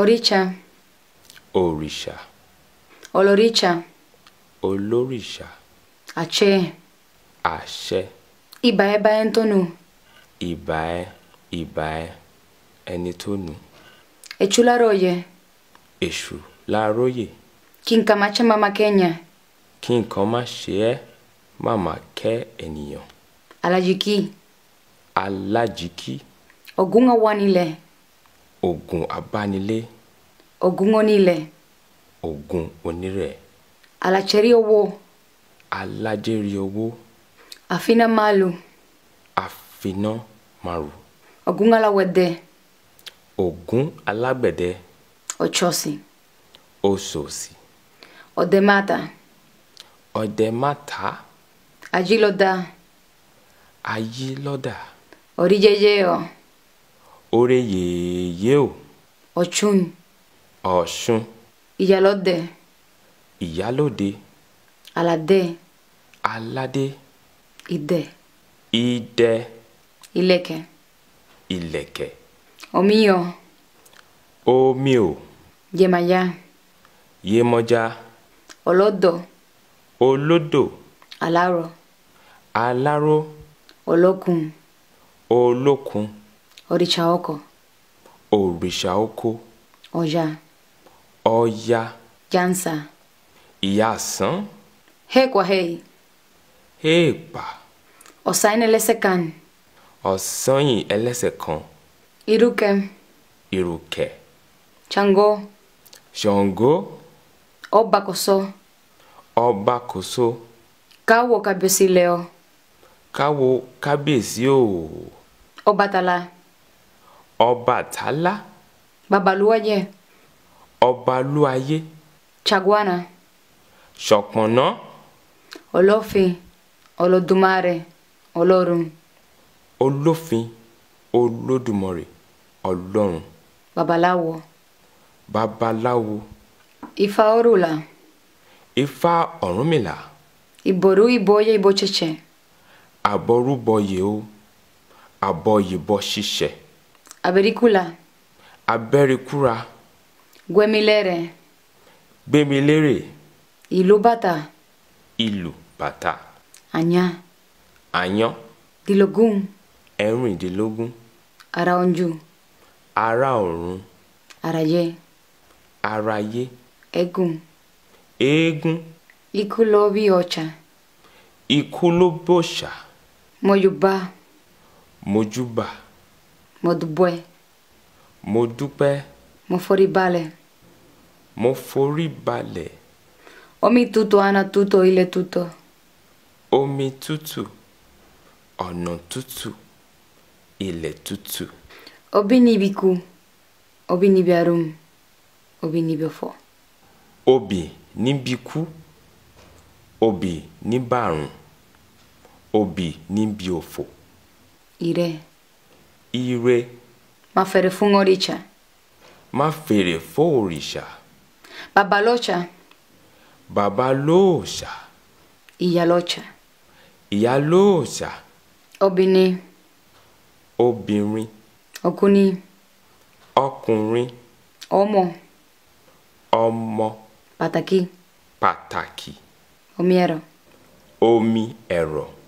Oríṣà. Òrìṣà. Olóríṣà. Olóríṣà. Ache. Ache. Ibae ẹ bá Ibae, Ibae, tónu. Ìbà ẹ ìbà ẹ ẹni tó nu. Èṣù láròyè. Èṣù láròyè. Kí nǹkan máa ṣe màmá kẹ́yìn. Kí ogun abanile ogun onile ogun onire alacheri owo alajeri owo afina malu afina maru ogun alawede ogun alagbede ochosi ososi odemata odemata ajiloda ayiloda orijejeo oh. Ore yèyé o. Ọ̀ṣun. Ọ̀ṣun. Ìyálóde. Ìyálóde. Aládé. Aládé. Idẹ. Idẹ. Ìlẹ̀kẹ̀. Ìlẹ̀kẹ̀. Omiyọ. Omiyọ. Yemaya. Yemọja. Olodo. Olodo. Alaro. Alaro. Olókun. Olókun. òrìṣà ọkọ̀. òrìṣà oko. ọ̀yà. ọya. jansa. ìyá hekwa hei. heèpà. ọ̀sáyìn ẹlẹ́sẹ̀ kan. ọ̀sányìn ẹlẹ́sẹ̀ kan. ìrùkẹ̀. ìrùkẹ̀. ṣàngó. ṣàngó. ọbàkọ̀sọ. ọbàkọ̀sọ. káwọ kábíyèsí lẹ́ọ̀. káwọ kábíyèsí o. Ọbàtálá. Babalúayé. Ọbalúayé. chagwana, Ṣọ̀pọ̀nná. Olófin. Olódùmarè. Ọlọ́run. Olófin. Olódùmarè. Ọlọ́run. Babaláwo. Babaláwo. Ifá Ọ̀rúnlá. Ifá Ọ̀rúnmìlà. Ìbòrú ìbọyè ìbò ṣíṣe. Àbọrú bọyè o, àbọyè bọ Àbẹ̀ríkúlà. Abẹ́rikúra. Gwemilere, Gbẹ́milérè. Ìlú bàtà. Ìlù bàtà. Àyàn. Àyàn. Dìlógún. Ẹ̀rìndínlógún. Ara oúnjù. Ara ọ̀run. Àràyè. Àràyè. Ẹ̀gùn. Eégún. Ikú ló bí ọ̀ṣà. Ikú ló bọ̀ṣà. Mọ̀júbà. Mọ̀júbà mo dúpẹ́. mo dúpẹ́. mo forí balẹ̀. mo forí balẹ̀. omi tútù ana tútù ilé tútù. omi tútù ọ̀nà tútù ilẹ̀ tútù. obi níbi ku obi níbi arum obi níbi ọ̀fọ̀. obì níbi ku obì níbàrùn obì níbi òfò. ire. ire. ma fere fún òrìṣà. ma fere fún òrìṣà. Babalóṣà. Babalóṣà. Ọmọ. Ọmọ. pataki. pataki. Omi ero. Omi ero.